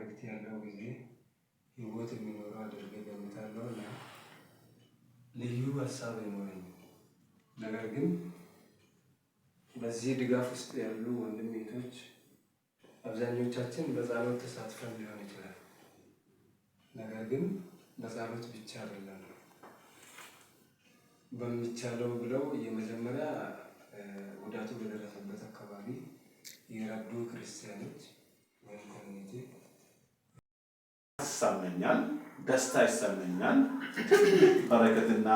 መልእክት ያለው ጊዜ ህይወት የሚኖረው አድርገን ገምታለሁ እና ልዩ ሀሳብ አይኖረኝ። ነገር ግን በዚህ ድጋፍ ውስጥ ያሉ ወንድም ቤቶች አብዛኞቻችን በጸሎት ተሳትፈን ሊሆን ይችላል። ነገር ግን በጸሎት ብቻ አይደለም በሚቻለው ብለው የመጀመሪያ ጉዳቱ በደረሰበት አካባቢ የረዱ ክርስቲያኖች ወይም ኮሚኒቲ ይሰመኛል፣ ደስታ ይሰመኛል፣ በረከትና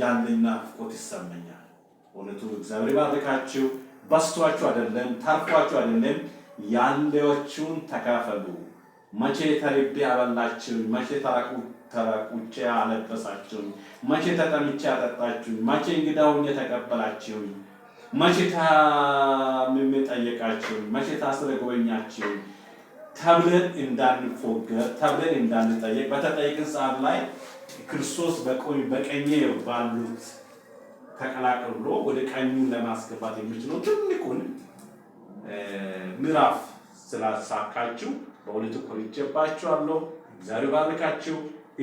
ያለኝ ናፍቆት ይሰመኛል። እውነቱ እግዚአብሔር ባርካችሁ። በስቷችሁ አይደለም ታርፏችሁ አይደለም ያለዎቹን ተካፈሉ። መቼ ተርቤ አበላችሁኝ፣ መቼ ተራቁ ተራቁቼ አለበሳችሁኝ፣ መቼ ተጠምቼ አጠጣችሁኝ፣ መቼ እንግዳውን የተቀበላችሁኝ? መቼ ታምሜ ጠየቃችሁኝ፣ መቼ ታስረጎበኛችሁኝ? ተብለን እንዳንፎገር ተብለን እንዳንጠየቅ በተጠየቅን ሰዓት ላይ ክርስቶስ በቀኜ ባሉት ተቀላቅሎ ወደ ቀኙን ለማስገባት የምችለው ትልቁን ምዕራፍ ስላሳካችሁ በእውነቱ ኮርቼባችኋለሁ። እግዚአብሔር ባርካችሁ፣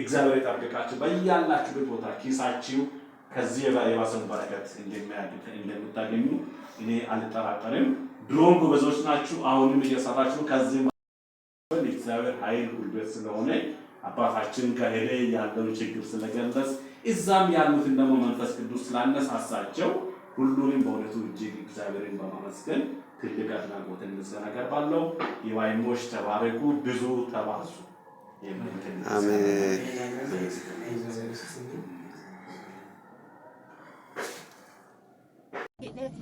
እግዚአብሔር ይጠብቃችሁ። በያላችሁበት ቦታ ኪሳችሁ ከዚህ የባሰን በረከት እንደምታገኙ እኔ አልጠራጠርም። ድሮም ጎበዞች ናችሁ፣ አሁንም እየሰራችሁ ከዚህ የእግዚአብሔር ኃይል ጉልበት ስለሆነ አባታችን ከሄደ ያለውን ችግር ስለገለጽ እዛም ያሉትን ደግሞ መንፈስ ቅዱስ ስላነሳሳቸው ሁሉንም በእውነቱ እጅግ እግዚአብሔርን በማመስገን ትልቅ አድናቆትን ምስጋና አቀርባለሁ። የዋይሞች ተባረኩ፣ ብዙ ተባዙ።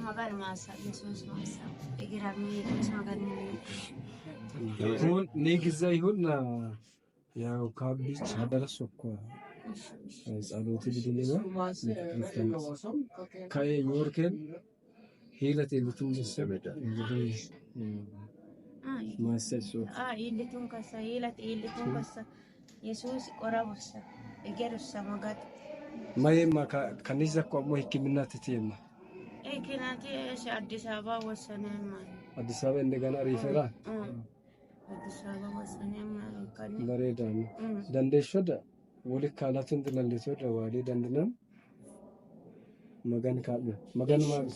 hagan masa yesus masa egira mi yesus hagan hun negza ይሁን ያው ካብች አደረሱ እኮ ጸሎት ልድንና ከዮርኬን ሂለት የሉቱ ሰበዳ ማሰሶ ይልቱን ከሳ ሂለት ይልቱን ከሳ የሱስ ቆራቡሳ እገሩሳ መጋጥ ማየማ ከኒዘ ቆሞ ህክምና ትትየማ አዲስ አበባ ወሰነ። አዲስ አበባ እንደገና ሪፈራ አዲስ አበባ ወሰነ። በሬዳ ካላትን ድለልሶ ደዋሌ ደንድነም መገን ካለ መገን ማለት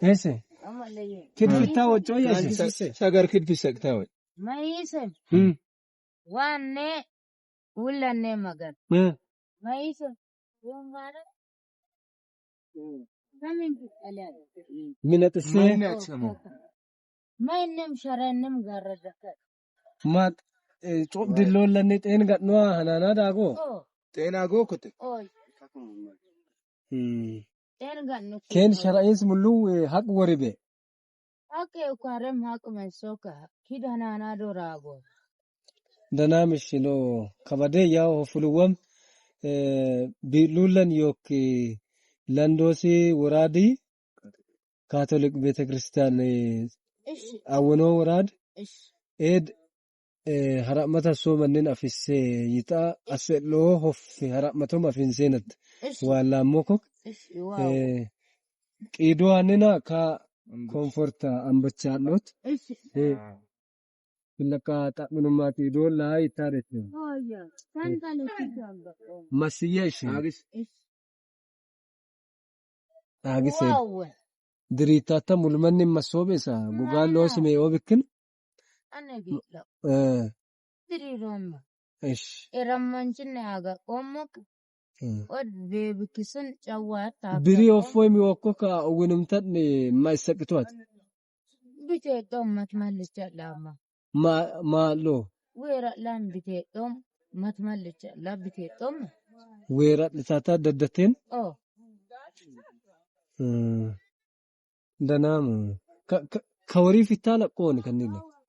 Ese. Kidfita wacho ya shi. Sagar kidfisa ta wai. Mai isim. Hmm. Wanne ullanne magar. Hmm. Mai isim. Yun gara. Kamin kitale. Minat se. Minat samo. Mai nem sharannem gara zakat. Mat ጮብ ድሎለኒ ጤን ገጥኗ ሀናና ዳጎ ጤና ጎ ኩት Keen shar'is mullu haq waribe. Haqe ukarem haq mensoka kidanana dorago. Danamishino kabade yaw hofuluwam bilulan yok ለንዶሲ ወራዲ ካቶሊክ ቤተክርስቲያን አውኖ ወራድ ኤድ Eh, Har'aamata soo manneen afisee yitaa asee loo hofte har'aamatoom afin seenatte waalaammoo kok qiidwaanina eh, ka komforta ambachaadhoot filaka eh, ah. xaqinummaa qiidoo laa ittaadhete masiyya ishee dhaagise diriittaata mulmanni masoobeesa gogaan loo simee oo bikkin. birii offoo imi wakko ka owwinimtadhe ma isa qitowat biteedhommat mallichadhaama maallo weeradhaan biteedhom mat mallichadha biteedhomme weeradhitaataa daddateen danaamu ka warii fittaa laqqoon kannille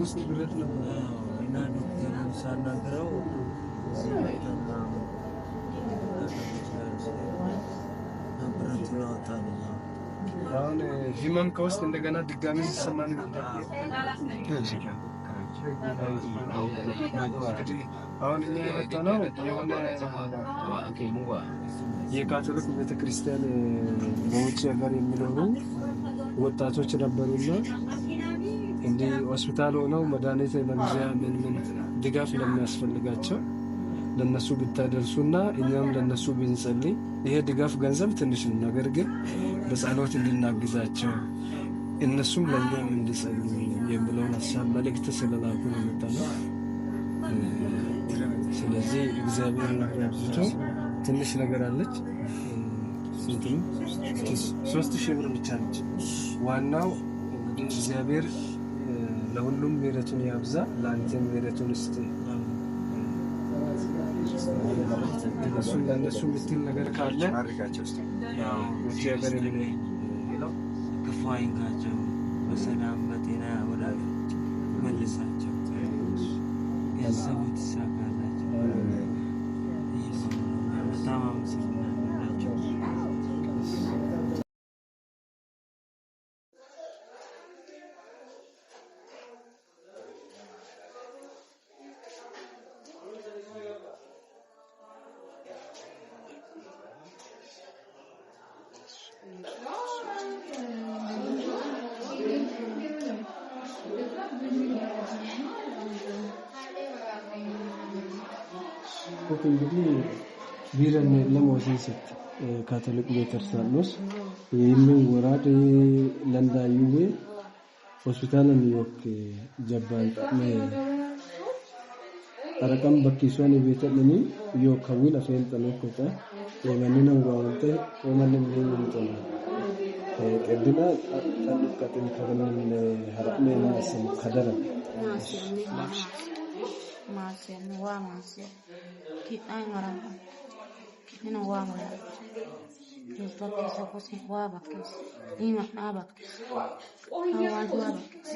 ውስጥ ብረት ህመም ከውስጥ እንደገና ድጋሚ ሲሰማን አሁን እኛ የመጣነው የካቶሊክ ቤተክርስቲያን በውጭ ሀገር የሚኖሩ ወጣቶች ነበሩና እንዲህ ሆስፒታል ሆነው መድኃኒት መግዣ ምን ምን ድጋፍ ለሚያስፈልጋቸው ለነሱ ብታደርሱና እኛም ለነሱ ብንጸልይ፣ ይሄ ድጋፍ ገንዘብ ትንሽ ነው፣ ነገር ግን በጸሎት እንድናግዛቸው እነሱም ለእኛም እንድጸልይ የምለውን ሀሳብ መልእክት ስለላኩ ነው የመጣነው። ስለዚህ እግዚአብሔር ያብዝቶ። ትንሽ ነገር አለች፣ ሶስት ሺህ ብር ብቻ ነች። ዋናው እንግዲህ እግዚአብሔር ለሁሉም ምሕረቱን ያብዛ። ለአንተ ምሕረቱን ስ ለእነሱ የምትል ነገር ካለ እግዚአብሔር ክፉ አይንካቸው በሰላም መልሳቸው፣ ገንዘቡ ይሳካላቸው። ኮፒ እንግዲህ ቢረን ለመወሰን ሰት ካቶሊክ ቤተርሳኖስ ይህምን ወራድ ለንዳዩዌ ሆስፒታል ኒውዮርክ ጀባን ጠቅመ ጠረቀም በኪሶን ቤተልኒ ዮ ከዊን አፌን ጠኖኮጠ የመንነን ጓወንተ ወመንም ይምጠና ቅድና ጠንቀጥን ከበንን ሀረቅሜና ስም ከደረ maasiya nin waa maasiya kidhan garaba nin waa maraba yosdadkiisa kusi waa badkiis imaxnaa badkiis hawaad waa badkiis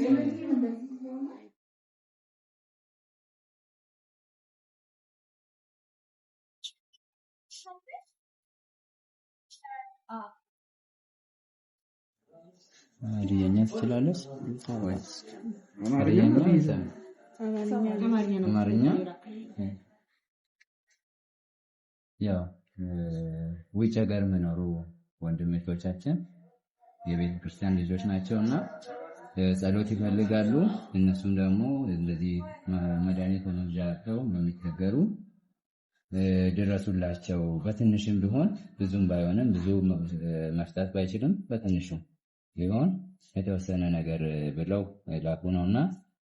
አማርኛ ትችላለች? አማርኛ አማርኛ ያው ውጭ ሀገር የሚኖሩ ወንድሞቻችን የቤተ ክርስቲያን ልጆች ናቸው እና ጸሎት ይፈልጋሉ። እነሱም ደግሞ እንደዚህ መድኃኒት በመግዛቸው የሚቸገሩ ድረሱላቸው። በትንሽም ቢሆን ብዙም ባይሆንም ብዙ መፍታት ባይችልም በትንሹም ቢሆን የተወሰነ ነገር ብለው ላኩ ነውና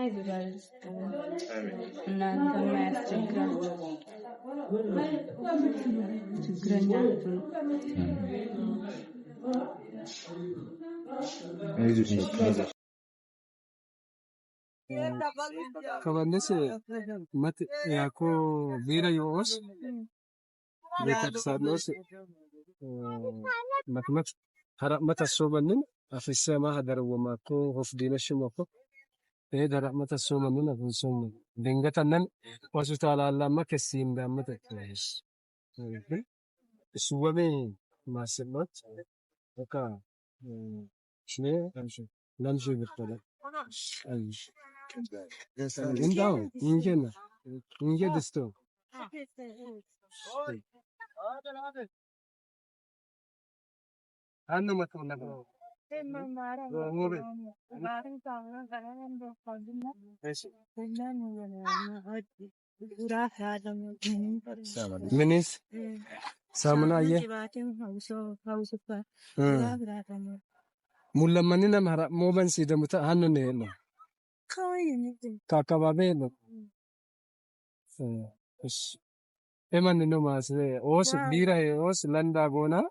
አይዟችሁ እናንተም አያስቸግራችሁ። ችግረኛ ነው። ከበንስ መት ያኮ ቢራ ዮስ ቤተክሳኖስ መትመት መተሶበንን አፍሰማ ሀደረወማኮ ሆፍዲነሽሞኮ تيد رحمة السومن نونا بنسومن دينغة تنن وسوتالا لما كسيم رحمة سوى سوامي ما سمت وكا شنو لمشي بالطلع أيش إن داو إن جنا إن جدستو أنا ما تقول Suurri asirratti argaa jirru kun,suurri asirratti argaa jirru kun,suurri asirratti argaa jirru kun,suurri asirratti argaa jirru kun,suurri asirratti argaa jirru kun,suurri asirratti argaa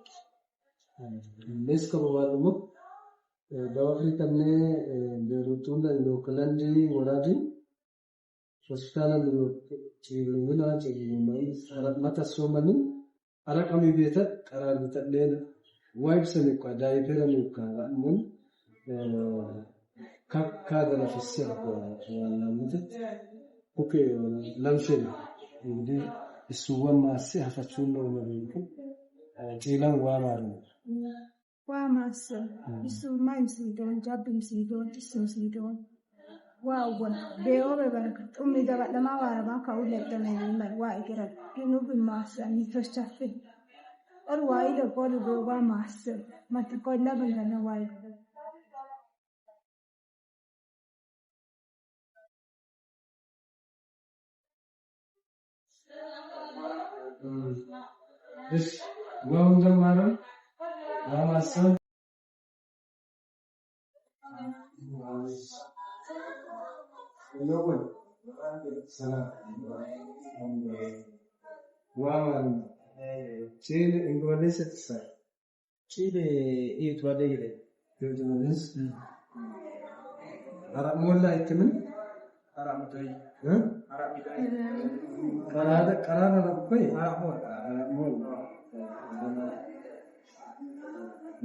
Innis kamuma dhumu e, gaafa fi kanneen Beeruutiin Hooggantii waraatiin hospitaala ciiminaa mata soomanii ala qamii beekan qaraanitadheen waa'ee ibsaniif daa'ifeeraniif ammoo kakkaa e, garafisse kukee lamseen isuuwwan maasse hafachuun e, ciilan waamaadha. waa maassa isumaaimsiidoon jabbimsiidoon tissimsiidoon waa awwal beeyobe baraka xummi dabadhamaa waaramaa ka'uu laddameenimal waa egeran junubi maassa mitochafe or waa ida golu goobaa maassa matakolla bangana waa egeran this Govinda Maharaj Namasa. Logo. Sana. Waman. Chile Indonesia tsa. Chile iyi tuvalı ile. Gördünüz. Arap molla ettim. Arap mutayı. Hı? Arap mutayı. Karada karada koy. Arap molla. Arap molla.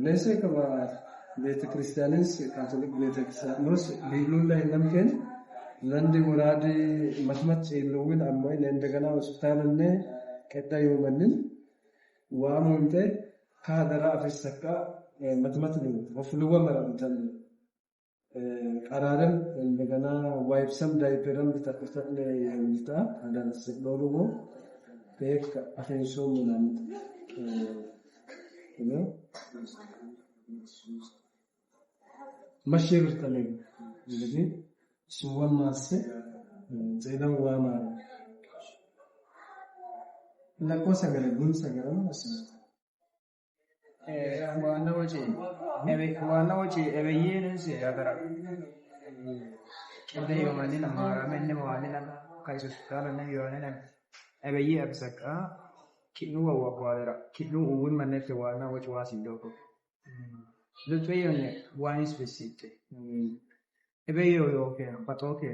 እነዚህ ከቤተክርስቲያንስ ካቶሊክ ቤተክርስቲያን ውስጥ ሊሉን ላይ ለምገን ዘንድ ሙራድ መስመት የለውን አማኝ እንደገና ሆስፒታል ቀዳ የመንን ዋሞንቴ ካደራ አፍሰካ መትመት ነው ወፍልወ መራምተን ቀራረም እንደገና ዋይፕሰም ዳይፐረም ተፈተን የምልታ አዳነስ ዶሩቦ ቤክ አፌንሶ ምናምን E, e, ne? ಮಶಿಯಾಗಿರ್ತಾನೆ ಹಾಗಾಗಿ ಸುವರ್ಣ ಆಸೆ ಜೈದವಾನ ಲಕ್ಕೋ zeydan ಗುಣ ಸಂಗರ Ewa nawa ce, ewa nawa ce, ewa yenin sai ya gara. Ewa yi wa wani nan mara, mai nima wani nan, kai su namara tara na yi wani nan, ewa yi a bisa ခိနုဝဝပွားရတာခိနုဝိမနတဝနာဝချဝစီတော့လူတွေရနဲ့ wise visit အဘေရောရောကပတ်တော့ကဲ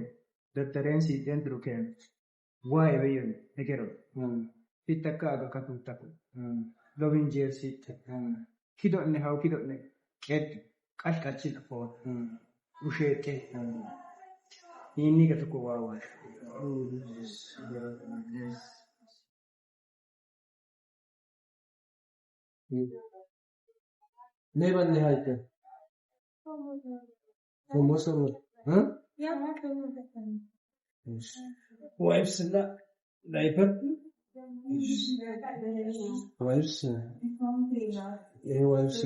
the terrency dentro ကဲ why အဘေရောနေကြတော့ピタカードカクンタクロビンジェルシーテキドネハウキドネケッカシカチのポーウシェテイニガトコワワシ Ne var nihayette? Kırmızı mı? Hı? Ya kırmızı. هو نفس لا العبر هو نفس هو نفس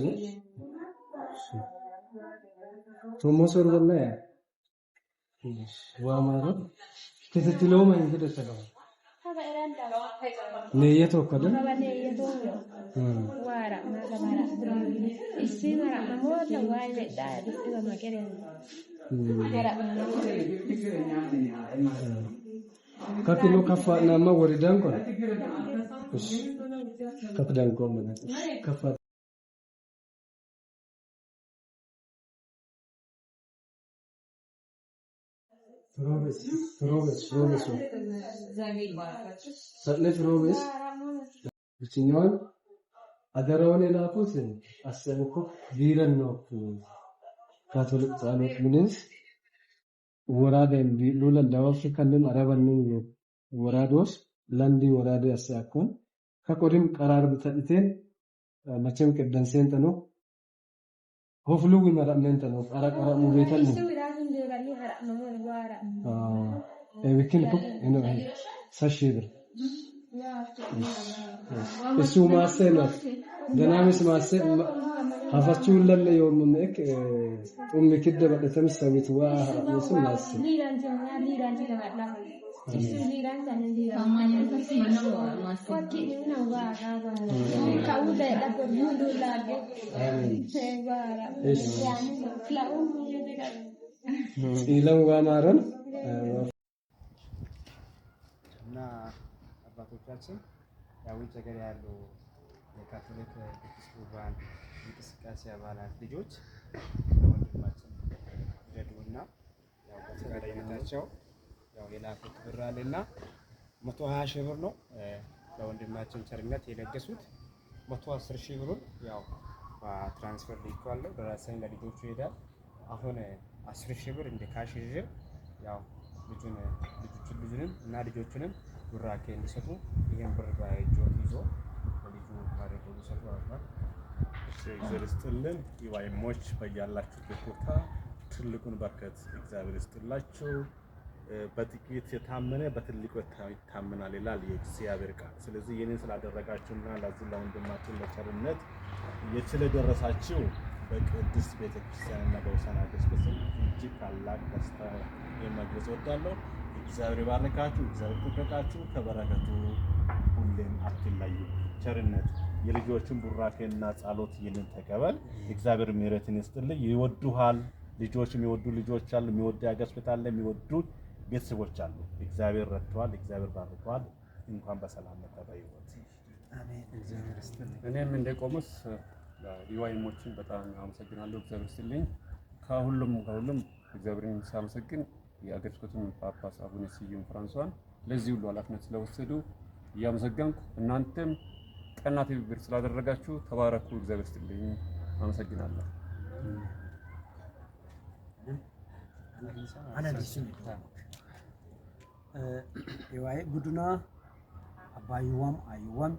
ثم صور ولا هو ما كده تلوم كده تلوم የተወከለ ከፊኖ ከፋ ናማ ወሪዳን ቆነ ከፍዳን ቆመ ከፋ Робиться, робиться, робиться. Zamil ባረካቸው ሰጥነች ሮቤስ ብቸኛዋን አደራውን የላኩት አሰብኮ ቢረን ነው ካቶሊክ ጻሎት ምንስ ወራደን ቢሉለን ዳወፍ ከንን አረበንን ወራዶስ ለንዲ ወራዴ አሳኩን ከቆድም ቀራርብ ተጥቴ መቼም ቅደንሴን ጠኖ hof we are not enough. Arak arak mu betal ni. Ah, eh weekend ko ino eh, ay eh, sa shiver. እሱ ማሴ ነው ደናሚስ ማሴ ሀፈችውን ለለ የወምምእክ ጡም ክደ በቀተምስ ሰዊት ሲለው አማረን እና አባቶቻችን ውጭ ሀገር ያሉ የካቶሊክ ቅዱስ ቁርባን እንቅስቃሴ አባላት ልጆች ወንድማችን ረዱና ያው በተቀዳይነታቸው ያው የላኩት ብር አለና 120 ሺህ ብር ነው ለወንድማችን ቸርነት የለገሱት። 110 ሺህ ብሩን ያው በትራንስፈር ልኬዋለሁ። ደረሰኝ ለልጆቹ ይሄዳል። አሁን 10 ሺህ ብር እንደ ካሽ ይዤ ያው ልጁን ልጁንም እና ልጆቹንም ቡራኬ እንዲሰጡ ይሄን ብር በእጆት ይዞ ለልጁ ማድረግ ይሰጡ አባ እግዚአብሔር ይስጥልን። ይዋይሞች በያላችሁበት ቦታ ትልቁን በረከት እግዚአብሔር ይስጥላችሁ። በጥቂት የታመነ በትልቁ ይታመናል ይላል የእግዚአብሔር ቃል። ስለዚህ ይህንን ስላደረጋችሁና ለዚህ ለወንድማችን ለቸርነት የችለ ደረሳችሁ በቅድስት ቤተክርስቲያንና በውሳና ክርስቶስ እጅግ ታላቅ ደስታ የመግለጽ እወዳለሁ። እግዚአብሔር ይባርካችሁ፣ እግዚአብሔር ይጠብቃችሁ። ከበረከቱ ሁሌም አትለዩ። ቸርነት የልጆችን ቡራኬና ጸሎት ይህንን ተቀበል። እግዚአብሔር ምሕረትን ይስጥልኝ። ይወዱሃል ልጆች የሚወዱ ልጆች አሉ። የሚወዱ ያገስብታል የሚወዱት ቤተሰቦች አሉ። እግዚአብሔር ረድተዋል። እግዚአብሔር ባርኳል። እንኳን በሰላም መጣ በህይወት እኔም እንደ ቆሞስ በጣም አመሰግናለሁ። እግዚአብሔር ይስጥልኝ። ከሁሉም ከሁሉም እግዚአብሔርን ሳመሰግን የአገረ ስብከቱን ጳጳስ አቡነ ስዩም ፍራንሷን ለዚህ ሁሉ ኃላፊነት ስለወሰዱ እያመሰገንኩ እናንተም ቀና ትብብር ስላደረጋችሁ ተባረኩ። እግዚአብሔር ስልኝ አመሰግናለሁ። አናዲሱ የዋይ ቡድና አባይዋም አይዋም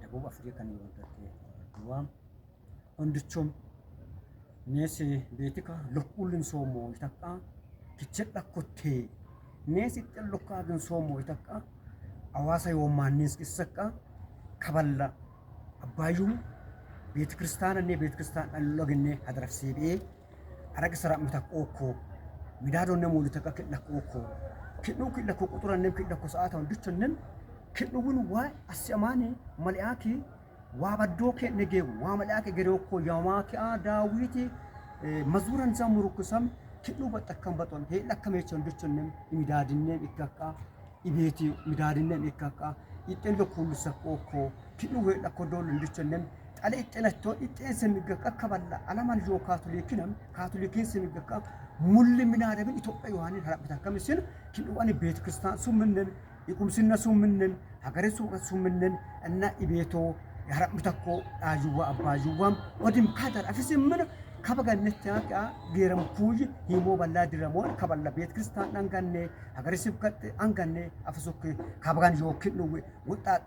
ደቡብ አፍሪካን የወደት ዋም እንድቹም ኔስ ቤቲካ ለሁሉም ሶሞ ይተቃ ኪቸዳ ኮቴ ኔስ ጥልካ ግን ሶሞ ይተቃ አዋሳ የወማኒስ ይሰቃ ከበላ አባዩም ቤተ ክርስቲያን እኔ ቤተ ክርስቲያን አሎግኔ ሀድረፍ ሲቢኤ አረግ ስራ ምታቆኮ ሚዳዶ ነሙሉ ተቀክ ለቆኮ kidhu kidha ku quxurannem kidha ku sa'aatan duchonnem kidhuwun waa as'amaani mal'aaki waa baddoo keenne geebu waa mal'aaki gereokko yamaaki'a daawiti mazuuran isaa murukkusam kidhu baxakkan baxon hee dhakkameechon duchonnem imidaadinnem ikkakka ibeeti midaadinnem ikkakka ixxeen dokkuullusakkokko kidhu hee dhakko doolun duchonnem xale ixxeenattoo ixxeen semiggakka akka balla alaman yoo kaatuliikinam kaatuliikiin semiggakka ሙልሚና ደብን ኢትዮጵያ ዮሐንን ሀራበት አከምስል ኪንዋን ቤተ ክርስቲያን ሱምንን ይቁምስነ ሱምንን ሀገረ ሱቀት ሱምንን እና ኢቤቶ ያራምተኮ አጅዋ አባጅዋም ወድም ካደር አፍስምን ከበጋነት ያቃ ገረም ኩይ ሂሞ በላ ድረሞን ከበላ ቤት ክርስቲያን አንጋኔ ሀገረ ስብከት አንጋኔ አፍሶክ ከበጋን ጆክ ነው ወጣጡ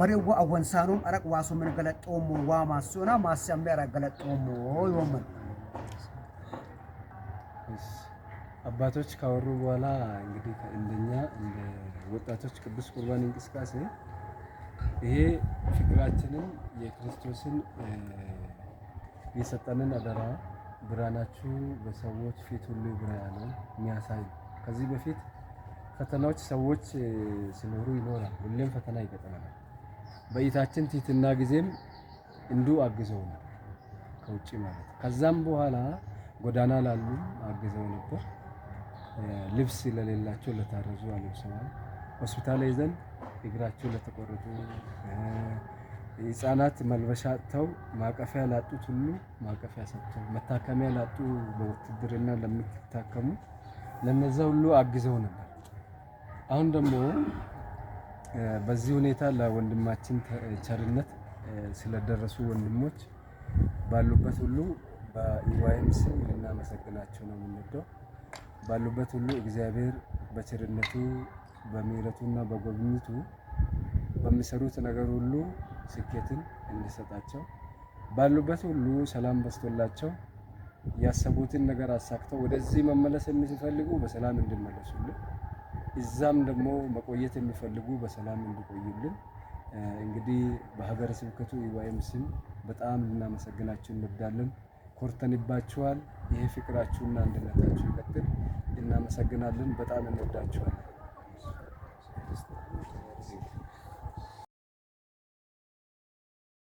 መሬዋ አወንሳኑም አረቅ ዋሶ ምን ገለጦሞ ዋማሱና ማሰሚያ አረገለጦሞ ይወመን አባቶች ካወሩ በኋላ እንግዲህ እንደኛ እንደ ወጣቶች ቅዱስ ቁርባን እንቅስቃሴ ይሄ ፍቅራችንን የክርስቶስን የሰጠንን አደራ ብርሃናችሁ በሰዎች ፊት ሁሉ ብራ ያለ የሚያሳይ ከዚህ በፊት ፈተናዎች ሰዎች ሲኖሩ ይኖራል። ሁሌም ፈተና ይገጥመናል። በእይታችን ትህትና ጊዜም እንዱ አግዘውናል ከውጭ ማለት ከዛም በኋላ ጎዳና ላሉ አግዘው ነበር። ልብስ ለሌላቸው ለታረዙ አለብሰዋል። ሆስፒታል ይዘን እግራቸው ለተቆረጡ ህጻናት መልበሻ አጥተው ማቀፊያ ላጡት ሁሉ ማቀፊያ ሰጥተው መታከሚያ ላጡ በውትድርና ለምትታከሙ ለነዛ ሁሉ አግዘው ነበር። አሁን ደግሞ በዚህ ሁኔታ ለወንድማችን ቸርነት ስለደረሱ ወንድሞች ባሉበት ሁሉ በኢዋይም ስም ልናመሰግናቸው ነው የምንወደው። ባሉበት ሁሉ እግዚአብሔር በቸርነቱ በምሕረቱና በጎብኝቱ በሚሰሩት ነገር ሁሉ ስኬትን እንዲሰጣቸው ባሉበት ሁሉ ሰላም በስቶላቸው ያሰቡትን ነገር አሳክተው ወደዚህ መመለስ የሚፈልጉ በሰላም እንዲመለሱልን፣ እዛም ደግሞ መቆየት የሚፈልጉ በሰላም እንዲቆዩልን እንግዲህ በሀገረ ስብከቱ ኢዋኤም ስም በጣም ልናመሰግናቸው እንወዳለን። ኮርተንባችኋል። ይሄ ፍቅራችሁና አንድነታችሁ ይቀጥል። እናመሰግናለን። በጣም እንወዳችኋለን።